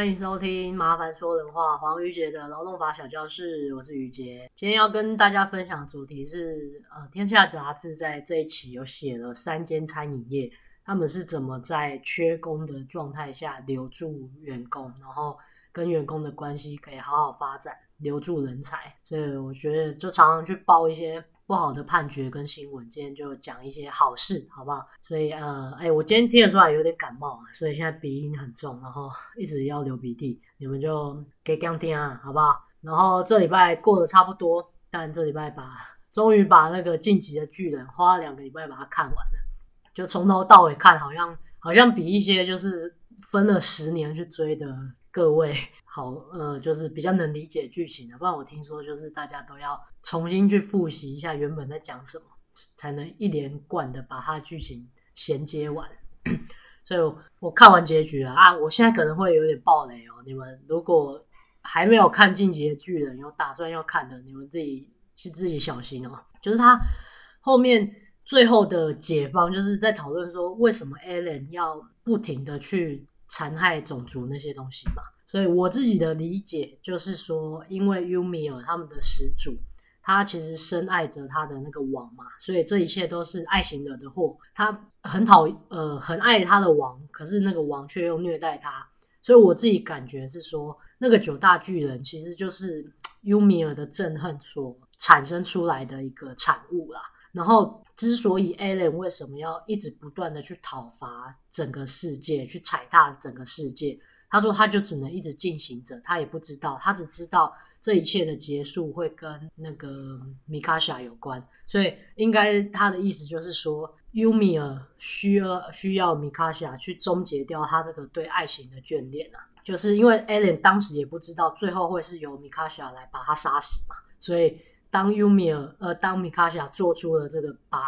歡迎收聽《麻煩說人話》，黃於杰的勞動法小教室，我是於杰。今天要跟大家分享的主題是，呃，《天下》雜誌在這一期有寫了三間餐飲業，他們是怎麼在缺工的狀態下留住員工，然後跟員工的關係可以好好發展，留住人才。所以我覺得，就常常去報一些。不好的判決跟新聞，今天就講一些好事，好不好？所以呃，哎、欸，我今天聽得出來有點感冒了，所以現在鼻音很重，然後一直要流鼻涕，你們就給剛聽啊，好不好？然後這禮拜過得差不多，但這禮拜把終於把那個進擊的巨人花了兩個禮拜把它看完了，就從頭到尾看，好像好像比一些就是分了十年去追的各位。好，呃，就是比較能理解劇情的。不然我聽說就是大家都要重新去複習一下原本在講什麼，才能一連貫的把它劇情銜接完。 所以我，我看完結局了啊，我現在可能會有點暴雷哦。你們如果還沒有看《進擊的巨人》，有打算要看的，你們自己去自己小心哦。就是他後面最後的解放，就是在討論說為什麼艾倫要不停的去殘害種族那些東西嘛。所以我自己的理解就是說，因為尤米爾他們的始祖，他其實深愛着他的那個王嘛，所以這一切都是愛情惹的禍，他很討呃很愛他的王，可是那個王卻又虐待他。所以我自己感覺是說，那個九大巨人其實就是尤米爾的憎恨所產生出來的一個產物啦。然後，之所以艾倫為什麼要一直不斷的去討伐整個世界，去踩踏整個世界。他說，他就只能一直進行着，他也不知道，他只知道這一切的結束會跟那個米卡西亞有關，所以應該他的意思就是說，尤米爾需要需要米卡西亞去終結掉他這個對愛情的眷戀啊。就是因為 Alan 當時也不知道最後會是由米卡西亞來把他殺死嘛，所以當尤米爾呃，當米卡西亞做出了這個把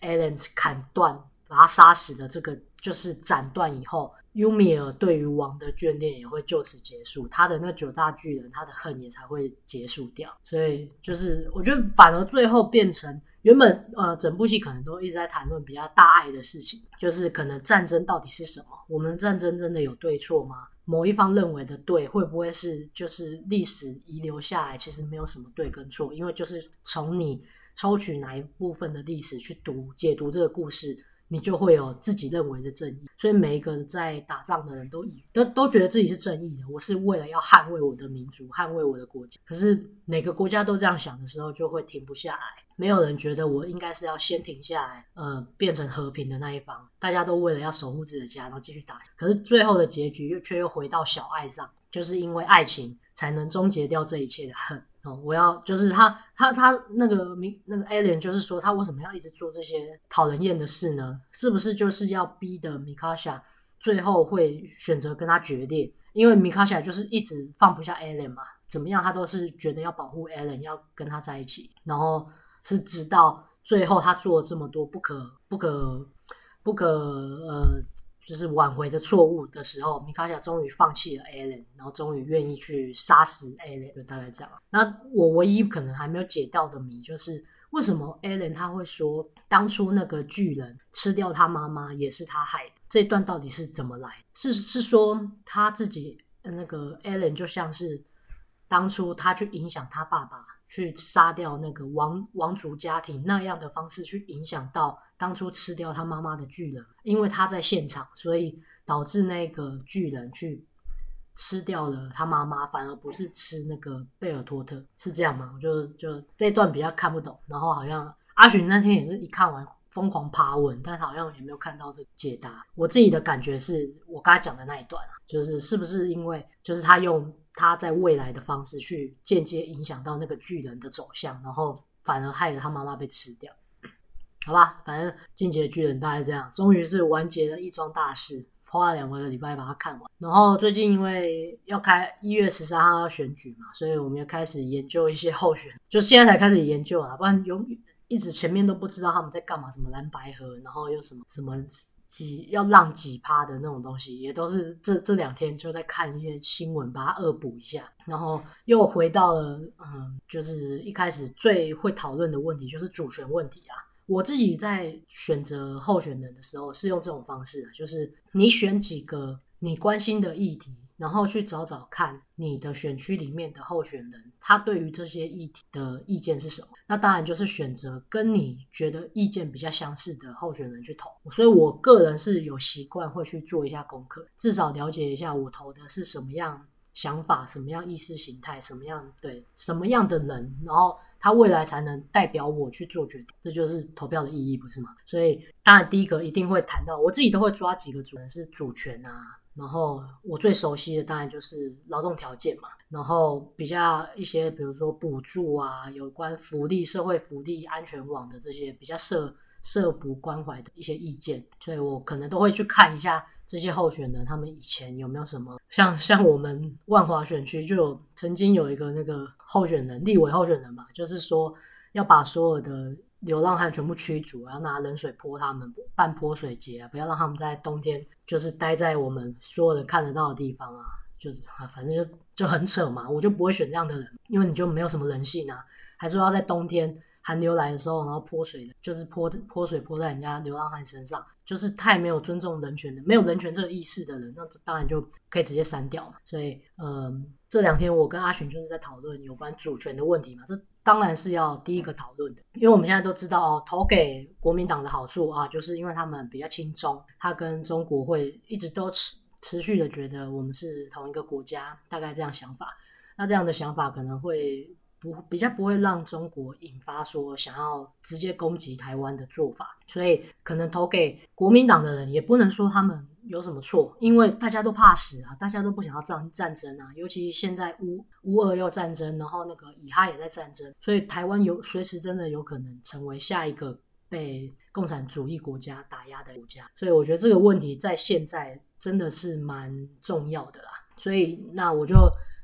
Alan 砍斷、把他殺死的這個就是斬斷以後。尤米爾對於王的眷戀也會就此結束，他的那九大巨人，他的恨也才會結束掉。所以就是，我覺得反而最後變成原本呃整部戲可能都一直在談論比較大愛的事情，就是可能戰爭到底是什麼？我們戰爭真的有對錯嗎？某一方認為的對，會不會是就是歷史遺留下來其實沒有什麼對跟錯？因為就是從你抽取哪一部分的歷史去讀解讀這個故事。你就會有自己認為的正義，所以每一個在打仗的人都以為，都都覺得自己是正義的，我是為了要捍衛我的民族，捍衛我的國家。可是每個國家都這樣想的時候，就會停不下來。沒有人覺得我應該是要先停下來，呃，變成和平的那一方。大家都為了要守護自己的家，然後繼續打。可是最後的結局又卻又回到小愛上，就是因為愛情才能終結掉這一切的恨。哦，我要就是他，他他那個米那個艾倫就是說他為什麼要一直做這些討人厭的事呢？是不是就是要逼得米卡莎最後會選擇跟他決裂？因為米卡莎就是一直放不下艾倫嘛，怎麼樣他都是覺得要保護艾倫，要跟他在一起，然後是直到最後他做了這麼多不可不可不可呃。就是挽回的錯誤的時候，米卡夏終於放棄了艾倫，然後終於願意去殺死艾倫，就大概這樣。那我唯一可能還沒有解掉的謎就是，為什麼艾倫他會說當初那個巨人吃掉他媽媽也是他害的，這一段到底是怎麼來的？是是說他自己那個艾倫就像是當初他去影響他爸爸。去殺掉那個王王族家庭那樣的方式去影響到當初吃掉他媽媽的巨人，因為他在現場，所以導致那個巨人去吃掉了他媽媽，反而不是吃那個貝爾托特，是這樣嗎？我就就這段比較看不懂，然後好像阿尋那天也是一看完瘋狂爬文，但是好像也沒有看到這個解答。我自己的感覺是我剛才講的那一段啊，就是是不是因為就是他用。他在未來的方式去間接影響到那個巨人的走向，然後反而害了他媽媽被吃掉，好吧？反正進擊的巨人大概這樣，終於是完結了一樁大事，花了兩個禮拜把它看完。然後最近因為要開一月十三號要選舉嘛，所以我們要開始研究一些候選，就現在才開始研究啊，不然永一直前面都不知道他們在幹嘛，什麼藍白合然後又什麼什麼。擠，要浪幾趴的那種東西，也都是這這兩天就在看一些新聞，把它惡補一下，然後又回到了嗯，就是一開始最會討論的問題，就是主權問題啊。我自己在選擇候選人的時候是用這種方式啊，就是你選幾個你關心的議題。然後去找找看你的選區裡面的候選人，他對於這些議題的意見是什麼？那當然就是選擇跟你覺得意見比較相似的候選人去投。所以我個人是有習慣會去做一下功課，至少了解一下我投的是什麼樣想法、什麼樣意識形態、什麼樣對什麼樣的人，然後他未來才能代表我去做決定。這就是投票的意義，不是嗎？所以當然第一個一定會談到，我自己都會抓幾個主，人是主權啊。然後我最熟悉的當然就是勞動條件嘛，然後比較一些，比如說補助啊，有關福利、社會福利、安全網的這些比較社社福關懷的一些意見，所以我可能都會去看一下這些候選人他們以前有沒有什麼，像像我們萬華選區就有曾經有一個那個候選人立委候選人嘛，就是說要把所有的。流浪漢全部驅逐，啊，要拿冷水潑他們，辦潑水節，啊，不要讓他們在冬天就是待在我們所有人看得到的地方啊！就是啊，反正就就很扯嘛，我就不會選這樣的人，因為你就沒有什麼人性啊，還說要在冬天寒流來的時候，然後潑水，就是潑潑水潑在人家流浪漢身上，就是太沒有尊重人權的，沒有人權這個意識的人，那當然就可以直接刪掉嘛。所以，嗯、呃，這兩天我跟阿尋就是在討論有關主權的問題嘛，這。當然是要第一個討論的，因為我們現在都知道投給國民黨的好處啊，就是因為他們比較親中，他跟中國會一直都持持續的覺得我們是同一個國家，大概這樣想法。那這樣的想法可能會不比較不會讓中國引發說想要直接攻擊台灣的做法，所以可能投給國民黨的人也不能說他們。有什麼錯？因為大家都怕死啊，大家都不想要戰戰爭啊，尤其現在烏烏俄又戰爭，然後那個以哈也在戰爭，所以台灣有隨時真的有可能成為下一個被共產主義國家打壓的國家，所以我覺得這個問題在現在真的是蠻重要的啦。所以那我就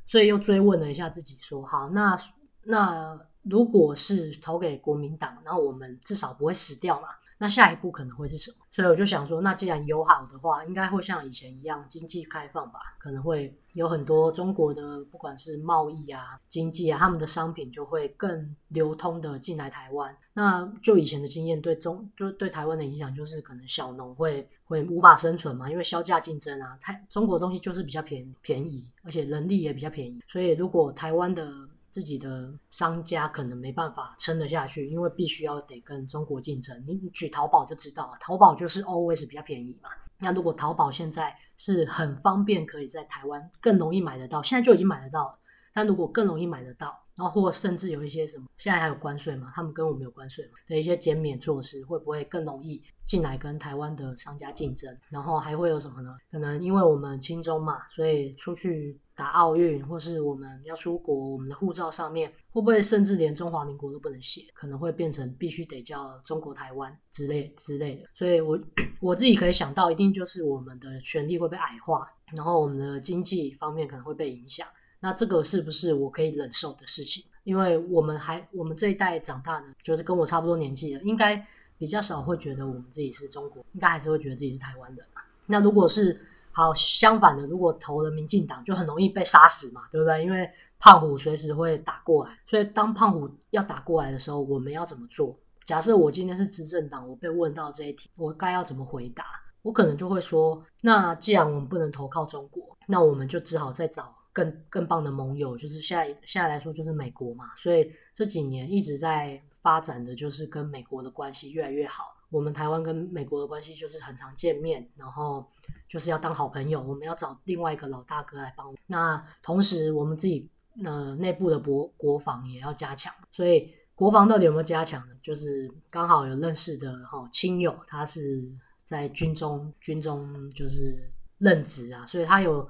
所以又追問了一下自己說，說好，那那如果是投給國民黨，然後我們至少不會死掉嘛。那下一步可能會是什麼？所以我就想說，那既然友好的話，應該會像以前一樣經濟開放吧？可能會有很多中國的，不管是貿易啊、經濟啊，他們的商品就會更流通的進來台灣。那就以前的經驗，對中就對台灣的影響，就是可能小農會會無法生存嘛，因為削價競爭啊，台中國的東西就是比較便便宜，而且人力也比較便宜。所以如果台灣的自己的商家可能沒辦法撐得下去，因為必須要得跟中國競爭。你你舉淘寶就知道了，淘寶就是 always 比較便宜嘛。那如果淘寶現在是很方便，可以在台灣更容易買得到，現在就已經買得到了。但如果更容易買得到。然後或甚至有一些什麼，現在還有關稅嘛？他們跟我們有關稅嘛的一些減免措施，會不會更容易進來跟台灣的商家競爭？然後還會有什麼呢？可能因為我們親中嘛，所以出去打奧運或是我們要出國，我們的護照上面會不會甚至連中華民國都不能寫？可能會變成必須得叫中國台灣之類之類的。所以我我自己可以想到，一定就是我們的權利會被矮化，然後我們的經濟方面可能會被影響。那這個是不是我可以忍受的事情？因為我們還，我們這一代長大呢，就是跟我差不多年紀的，應該比較少會覺得我們自己是中國，應該還是會覺得自己是台灣的。那如果是好相反的，如果投了民進黨，就很容易被殺死嘛，對不對？因為胖虎隨時會打過來，所以當胖虎要打過來的時候，我們要怎麼做？假設我今天是執政黨，我被問到這一題，我該要怎麼回答？我可能就會說：那既然我們不能投靠中國，那我們就只好再找。更更棒的盟友，就是下一，現在來說就是美國嘛，所以這幾年一直在發展的就是跟美國的關係越來越好。我們台灣跟美國的關係就是很常見面，然後就是要當好朋友，我們要找另外一個老大哥來幫我。那同時我們自己呃內部的國國防也要加強，所以國防到底有沒有加強呢？就是剛好有認識的哦親友，他是在軍中軍中就是任職啊，所以他有。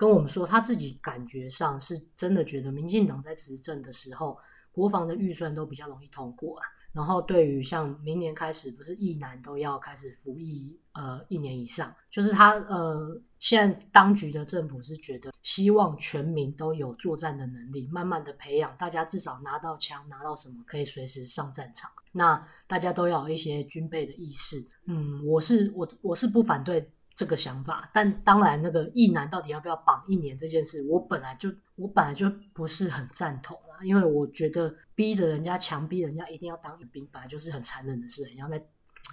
跟我們說，他自己感覺上是真的覺得，民進黨在執政的時候，國防的預算都比較容易通過啊。然後，對於像明年開始不是役男都要開始服役，呃，一年以上，就是他呃，現在當局的政府是覺得希望全民都有作戰的能力，慢慢的培養大家至少拿到槍，拿到什麼可以隨時上戰場，那大家都要有一些軍備的意識。嗯，我是我我是不反對。這個想法，但當然，那個役男到底要不要綁一年這件事，我本來就我本來就不是很贊同啦，因為我覺得逼着人家強逼人家一定要當兵，本來就是很殘忍的事，很像在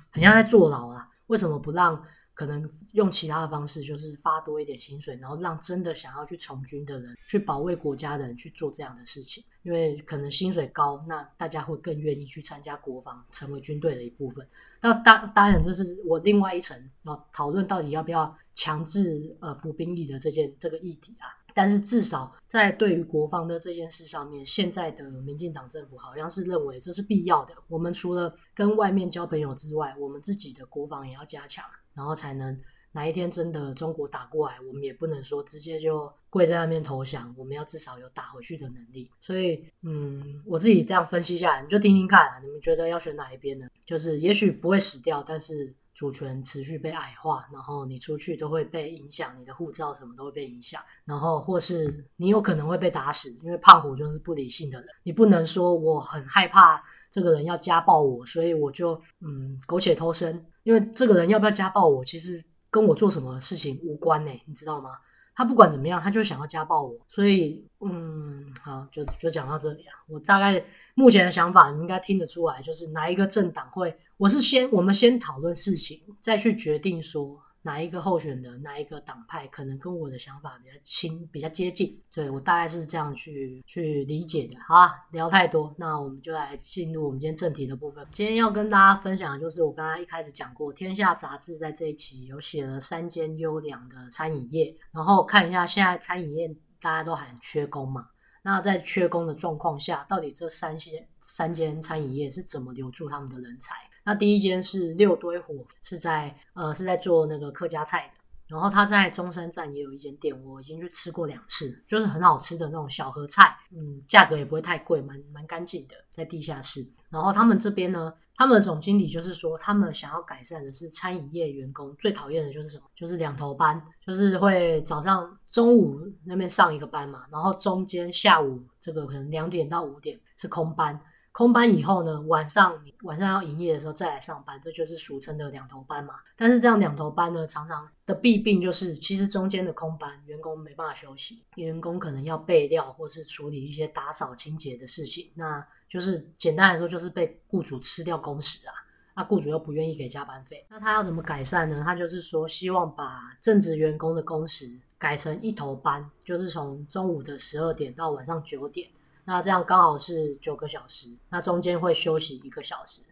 很像在坐牢啊。為什麼不讓可能用其他的方式，就是發多一點薪水，然後讓真的想要去從軍的人、去保衛國家的人去做這樣的事情？因為可能薪水高，那大家會更願意去參加國防，成為軍隊的一部分。那當當然，這是我另外一層，然後討論到底要不要強制呃服兵役的這件這個議題啊。但是至少在對於國防的這件事上面，現在的民進黨政府好像是認為這是必要的。我們除了跟外面交朋友之外，我們自己的國防也要加強，然後才能哪一天真的中國打過來，我們也不能說直接就。會在那邊投降，我們要至少有打回去的能力。所以，嗯，我自己這樣分析下來，你就聽聽看啊，你們覺得要選哪一邊呢？就是也許不會死掉，但是主權持續被矮化，然後你出去都會被影響，你的護照什麼都會被影響。然後，或是你有可能會被打死，因為胖虎就是不理性的人。你不能說我很害怕這個人要家暴我，所以我就嗯苟且偷生，因為這個人要不要家暴我，其實跟我做什麼事情無關呢、欸，你知道嗎？他不管怎麼樣，他就想要家暴我，所以，嗯，好，就就講到這裡啊。我大概目前的想法，你應該聽得出來，就是哪一個政黨會，我是先，我們先討論事情，再去決定說。哪一個候選的哪一個黨派可能跟我的想法比較親、比較接近？對，我大概是這樣去去理解的。好，聊太多，那我們就來進入我們今天正題的部分。今天要跟大家分享的就是我剛剛一開始講過，《天下雜誌》在這一期有寫了三間優良的餐飲業，然後看一下現在餐飲業大家都很缺工嘛。那在缺工的狀況下，到底這三間三間餐飲業是怎麼留住他們的人才？那第一間是六堆火，是在呃、是在做那個客家菜的。然後他在中山站也有一間店，我已經去吃過兩次，就是很好吃的那種小合菜，嗯，價格也不會太貴，蠻蠻乾淨的，在地下室。然後他們這邊呢，他們的總經理就是說，他們想要改善的是餐飲業員工最討厭的就是什麼？就是兩頭班，就是會早上、中午那邊上一個班嘛，然後中間下午這個可能兩點到五點是空班。空班以後呢，晚上晚上要營業的時候再來上班，這就是俗稱的兩頭班嘛。但是這樣兩頭班呢，常常的弊病就是，其實中間的空班員工沒辦法休息，員工可能要備料或是處理一些打掃清潔的事情，那就是簡單來說就是被雇主吃掉工時啊。那，啊，雇主又不願意給加班費，那他要怎麼改善呢？他就是說希望把正職員工的工時改成一頭班，就是從中午的十二點到晚上九點。那這樣剛好是九個小時，那中間會休息一個小時。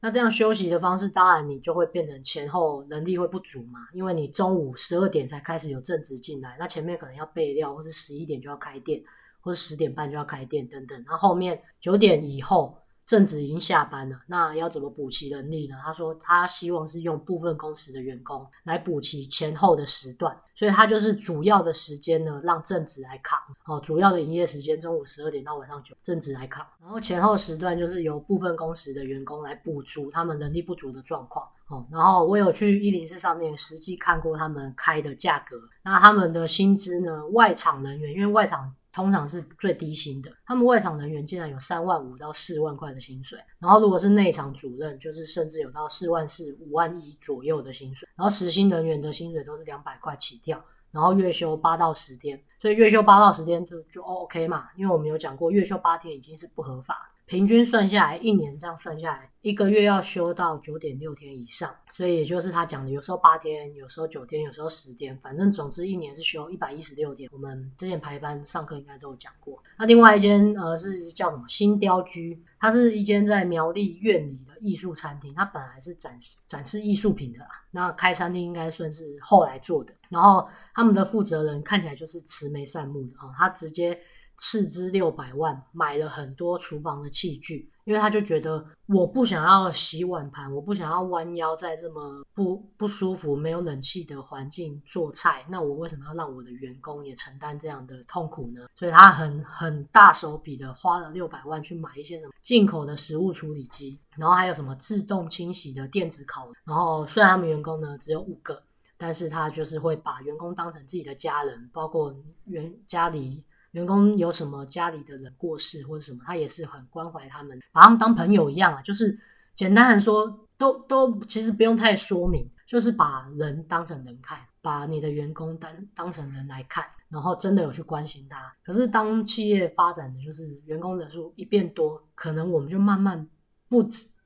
那這樣休息的方式，當然你就會變成前後人力會不足嘛，因為你中午十二點才開始有正職進來，那前面可能要備料，或是十一點就要開店，或是十點半就要開店等等，那後，後面九點以後。正職已經下班了，那要怎麼補齊人力呢？他說他希望是用部分工時的員工來補齊前後的時段，所以他就是主要的時間呢讓正職來扛，好、哦、主要的營業時間中午十二點到晚上九，正職來扛，然後前後時段就是由部分工時的員工來補足他們人力不足的狀況，哦，然後我有去一零四上面實際看過他們開的價格，那他們的薪資呢外場人員因為外場。通常是最低薪的，他們外場人員竟然有三萬五到四萬塊的薪水，然後如果是內場主任，就是甚至有到四萬四五萬一左右的薪水，然後時薪人員的薪水都是兩百塊起跳，然後月休八到十天。所以月休八到十天就就 OK 嘛，因為我們有講過月休八天已經是不合法，平均算下來一年這樣算下來，一個月要休到九點六天以上，所以也就是他講的，有時候八天，有時候九天，有時候十天，反正總之一年是休一百一十六天。我們之前排班上課應該都有講過。那另外一間呃是叫什麼新雕居，它是一間在苗栗苑裡的藝術餐廳，它本來是展示展示藝術品的，那開餐廳應該算是後來做的。然後他們的負責人看起來就是慈眉善目的哦，他直接。斥資六百萬買了很多廚房的器具，因為他就覺得我不想要洗碗盤，我不想要彎腰在這麼不不舒服、沒有冷氣的環境做菜，那我為什麼要讓我的員工也承擔這樣的痛苦呢？所以他很很大手筆的花了六百萬去買一些什麼進口的食物處理機，然後還有什麼自動清洗的電子烤爐。然後雖然他們員工呢只有五個，但是他就是會把員工當成自己的家人，包括員家裡。員工有什麼家裡的人過世或者什麼，他也是很關懷他們，把他們當朋友一樣啊。就是簡單來說，都都其實不用太說明，就是把人當成人看，把你的員工當當成人來看，然後真的有去關心他。可是當企業發展的就是員工人數一變多，可能我們就慢慢不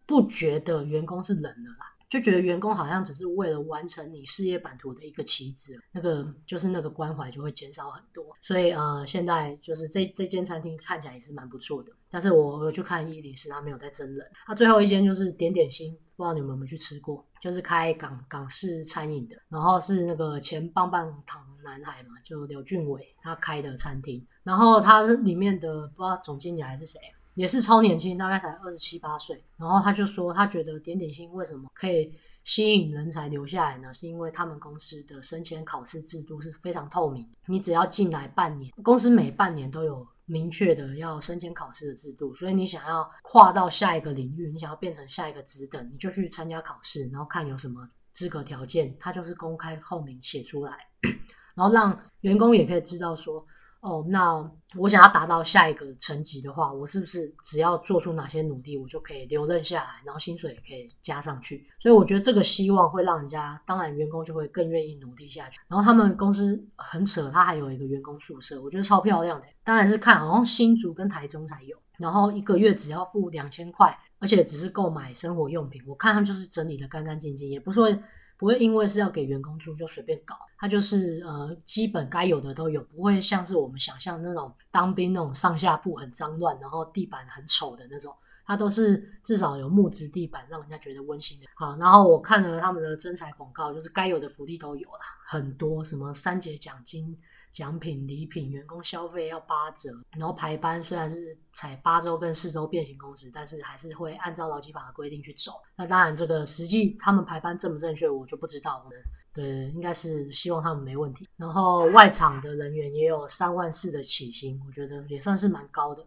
不覺得員工是人了啦。就覺得員工好像只是為了完成你事業版圖的一個棋子，那個就是那個關懷就會減少很多。所以呃，現在就是這這間餐廳看起來也是蠻不錯的，但是我去看伊犁時，他沒有在徵人，他、啊、最後一間就是點點心，不知道你們有沒有去吃過，就是開港港式餐飲的，然後是那個前棒棒糖男孩嘛，就劉俊偉他開的餐廳，然後他裡面的不知道總經理還是誰、啊。也是超年輕，大概才二十七八歲。然後他就說，他覺得點點心為什麼可以吸引人才留下來呢？是因為他們公司的升遷考試制度是非常透明，你只要進來半年，公司每半年都有明確的要升遷考試的制度。所以你想要跨到下一個領域，你想要變成下一個職等，你就去參加考試，然後看有什麼資格條件。他就是公開透明寫出來，然後讓員工也可以知道說。哦，oh, 那我想要達到下一個層級的話，我是不是只要做出哪些努力，我就可以留任下來，然後薪水也可以加上去？所以我覺得這個希望會讓人家，當然員工就會更願意努力下去。然後他們公司很扯，他還有一個員工宿舍，我覺得超漂亮的，當然是看好像新竹跟台中才有，然後一個月只要付兩千塊，而且只是購買生活用品，我看他們就是整理得干干淨淨，也不是說。不會因為是要給員工住就隨便搞，它就是呃基本該有的都有，不會像是我們想象那種當兵那種上下鋪很髒亂，然後地板很醜的那種，它都是至少有木質地板，讓人家覺得溫馨的。好，然後我看了他們的徵才廣告，就是該有的福利都有了，很多什麼三節獎金。獎品禮品，員工消費要八折，然後排班雖然是採八周跟四周變形工時，但是還是會按照勞基法的規定去走。那當然，這個實際他們排班正不正確，我就不知道了。對，應該是希望他們沒問題。然後外場的人員也有三萬四的起薪，我覺得也算是蠻高的。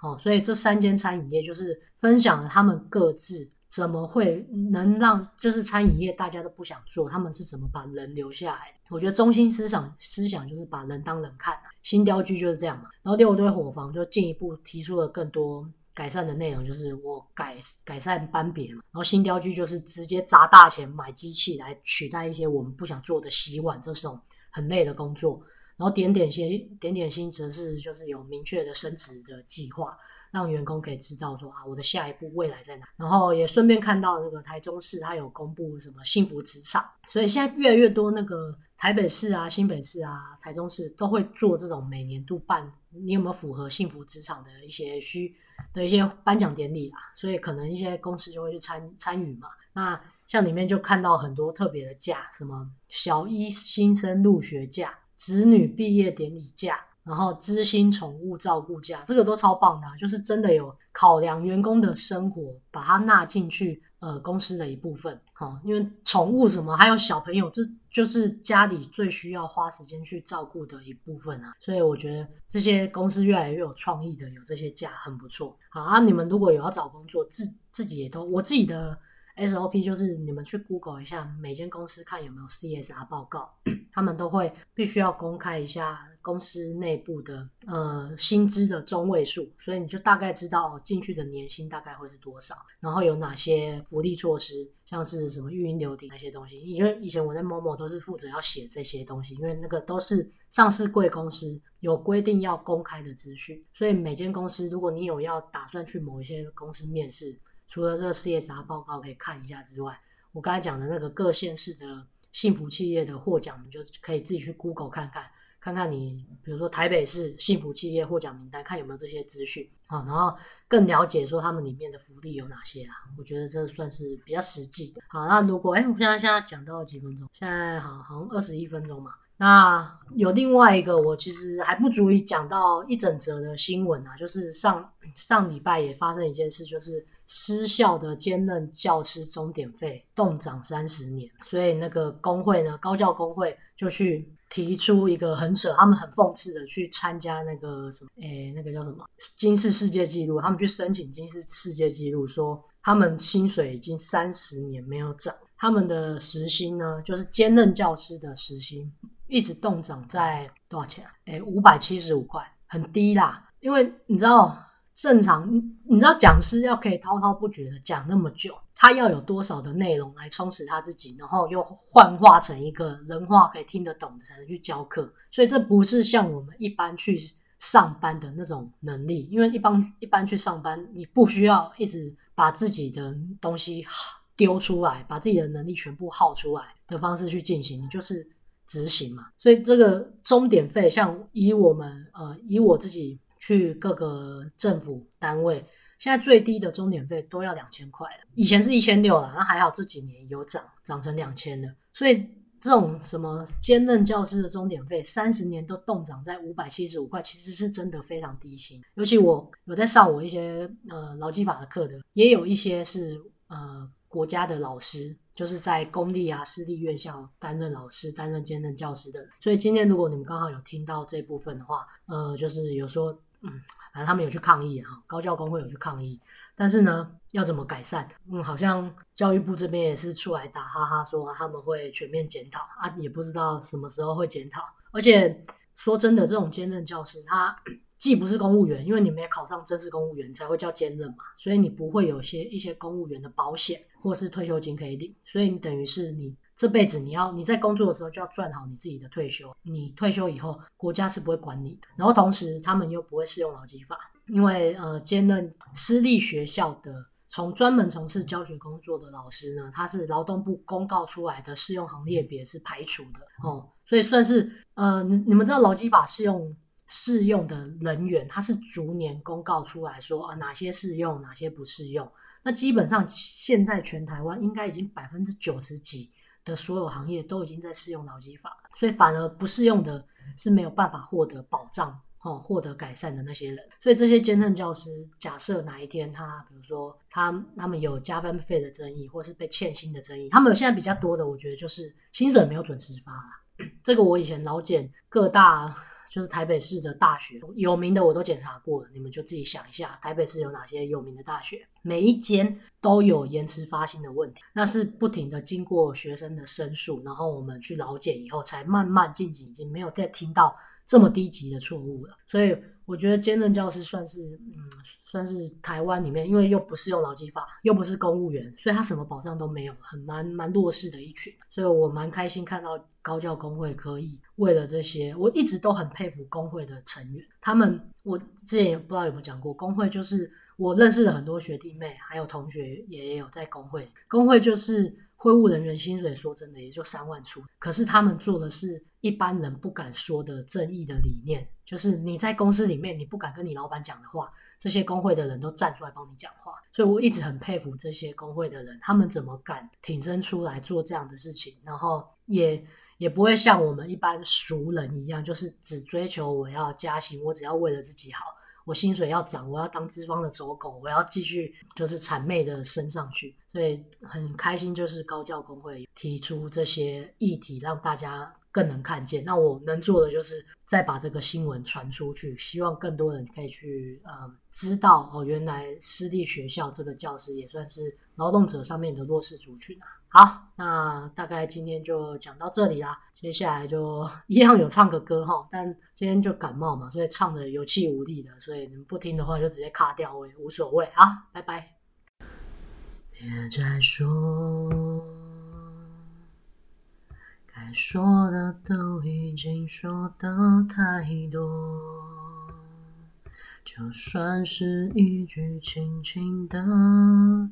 哦，所以這三間餐飲業就是分享了他們各自怎麼會能讓就是餐飲業大家都不想做，他們是怎麼把人留下來的。我覺得中心思想思想就是把人當人看，啊，新雕居就是這樣嘛。然後第五對伙房就進一步提出了更多改善的內容，就是我改改善班別嘛。然後新雕居就是直接砸大錢買機器來取代一些我們不想做的洗碗這種很累的工作。然後點點心點點心則是就是有明確的升職的計劃，讓員工可以知道說，啊我的下一步未來在哪。然後也順便看到那個台中市他有公布什麼幸福職場，所以現在越來越多那個。台北市啊、新北市啊、台中市都會做這種每年度辦，你有沒有符合幸福職場的一些需的一些頒獎典禮啊？所以可能一些公司就會去參參與嘛。那像裡面就看到很多特別的假，什麼小一新生入學假、子女畢業典禮假、然後知心寵物照顧假，這個都超棒的啊，就是真的有考量員工的生活，把它納進去。呃，公司的一部分，好，因為寵物什麼，還有小朋友，這就，就是家裡最需要花時間去照顧的一部分啊。所以我覺得這些公司越來越有創意的，有這些家很不錯。好啊，你們如果有要找工作，自己自己也都，我自己的 SOP 就是你們去 Google 一下每間公司看有沒有 CSR 報告，他們都會必須要公開一下。公司內部的呃薪資的中位數，所以你就大概知道，哦、進去的年薪大概會是多少，然後有哪些福利措施，像是什麼育嬰留停那些東西。因為以前我在某某都是負責要寫這些東西，因為那個都是上市櫃公司有規定要公開的資訊。所以每間公司，如果你有要打算去某一些公司面試，除了這個 CSR 報告可以看一下之外，我剛才講的那個各縣市的幸福企業的獲獎，你就可以自己去 Google 看看。看看你，比如說台北市幸福企業獲獎名單，看有沒有這些資訊，好，然後更了解說他們裡面的福利有哪些啦。我覺得這算是比較實際的。好，那如果哎，我現在現在講到幾分鐘？現在好好像二十一分鐘嘛。那有另外一個，我其實還不足以講到一整則的新聞啊，就是上上禮拜也發生一件事，就是私校的兼任教師鐘點費凍漲三十年，所以那個工會呢，高教工會就去。提出一個很扯，他們很諷刺的去參加那個什麼，誒，那個叫什麼，金氏世界紀錄，他們去申請金氏世界紀錄說，說他們薪水已經三十年沒有漲，他們的時薪呢，就是兼任教師的時薪，一直凍漲在多少錢啊？誒，五百七十五塊，很低啦，因為你知道正常，你知道講師要可以滔滔不絕的講那麼久。他要有多少的內容來充實他自己，然後又幻化成一個人話可以聽得懂的，才能去教課。所以這不是像我們一般去上班的那種能力，因為一般一般去上班，你不需要一直把自己的東西丟出來，把自己的能力全部耗出來的方式去進行，你就是執行嘛。所以這個鐘點費，像以我們呃，以我自己去各個政府單位。現在最低的鐘點費都要兩千塊了，以前是一千六了，那還好這幾年有漲，漲成兩千了。所以這種什麼兼任教師的鐘點費，三十年都凍漲在五百七十五塊，其實是真的非常低薪。尤其我有在上我一些呃勞基法的課的，也有一些是呃國家的老師，就是在公立啊、私立院校擔任老師、擔任兼任教師的。所以今天如果你們剛好有聽到這部分的話，呃，就是有說。嗯，反正他們有去抗議啊，高教工會有去抗議，但是呢，要怎麼改善？嗯，好像教育部這邊也是出來打哈哈說、啊，說他們會全面檢討啊，也不知道什麼時候會檢討。而且說真的，這種兼任教師，他既不是公務員，因為你沒考上正式公務員才會叫兼任嘛，所以你不會有一些一些公務員的保險或是退休金可以領，所以你等於是你。這輩子你要你在工作的時候就要賺好你自己的退休，你退休以後國家是不會管你的，然後同時他們又不會適用勞基法，因為呃，兼任私立學校的從專門從事教學工作的老師呢，他是勞動部公告出來的適用行列別是排除的哦，所以算是呃，你你們知道勞基法適用適用的人員，他是逐年公告出來說啊，哪些適用，哪些不適用，那基本上現在全台灣應該已經百分之九十幾。的所有行業都已經在適用勞基法了，所以反而不適用的是沒有辦法獲得保障，哦，獲得改善的那些人。所以這些兼任教師，假設哪一天他，比如說他他們有加班費的爭議，或是被欠薪的爭議，他們現在比較多的，我覺得就是薪水沒有準時發。這個我以前勞檢各大。就是台北市的大學，有名的我都檢查過了，你們就自己想一下，台北市有哪些有名的大學？每一間都有延遲發薪的問題，那是不停的經過學生的申訴，然後我們去勞檢以後，才慢慢進行，已經沒有再聽到這麼低級的錯誤了。所以我覺得兼任教師算是，嗯，算是台灣裡面，因為又不適用勞基法，又不是公務員，所以他什麼保障都沒有，很蠻蠻弱勢的一群。所以我蠻開心看到高教工會可以。為了這些，我一直都很佩服工會的成員。他們，我之前也不知道有沒有講過，工會就是我認識了很多學弟妹，還有同學也，也有在工會。工會就是會務人員薪水，說真的也就三萬出，可是他們做的是一般人不敢說的正義的理念。就是你在公司裡面，你不敢跟你老板講的話，這些工會的人都站出來幫你講話。所以我一直很佩服這些工會的人，他們怎麼敢挺身出來做這樣的事情，然後也。也不會像我們一般熟人一樣，就是只追求我要加薪，我只要為了自己好，我薪水要漲，我要當資方的走狗，我要繼續就是諂媚的升上去。所以很開心，就是高教工會提出這些議題，讓大家更能看見。那我能做的就是再把這個新聞傳出去，希望更多人可以去呃、嗯、知道哦，原來私立學校這個教師也算是勞動者上面的弱勢族群啊。好，那大概今天就講到這裡啦。接下來就一樣有唱個歌哈，但今天就感冒嘛，所以唱的有氣無力的，所以你們不聽的話就直接卡掉喂、欸，無所謂啊，拜拜。別再說，該說的都已經說得太多，就算是一句輕輕的。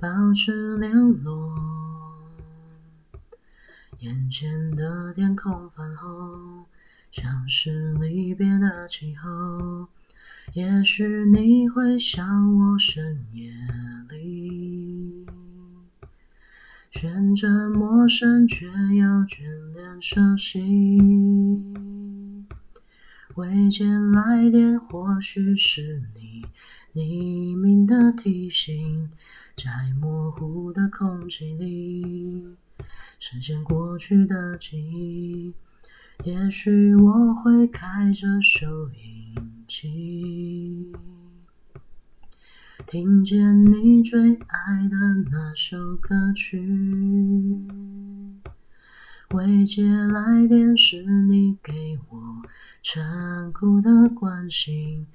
保持聯絡。眼前的天空泛紅，像是離別的氣候。也許你會想我，深夜裡，選擇陌生卻要眷戀熟悉。未接來電，或許是你匿名的提醒。在模糊的空氣裡，深陷過去的記憶。也許我會開着收音機，聽見你最愛的那首歌曲。未接來電是你給我殘酷的關心，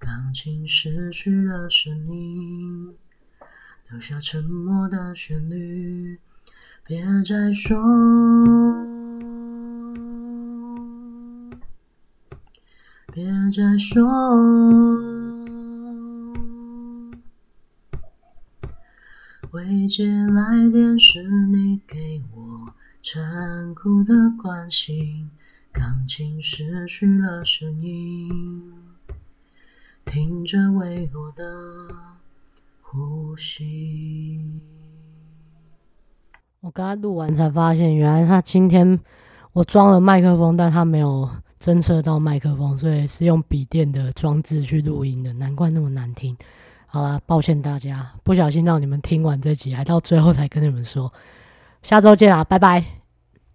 鋼琴失去了聲音。留下沉默的旋律，別再說，別再說。未接來電是你給我殘酷的關心，鋼琴失去了聲音，聽着微弱的。呼吸。不行，我剛剛錄完才發現，原來他今天我裝了麥克風，但他沒有偵測到麥克風，所以是用筆電的裝置去錄音的，難怪那麼難聽。好啦，抱歉大家，不小心讓你們聽完這集，還到最後才跟你們說，下週見啊，拜拜。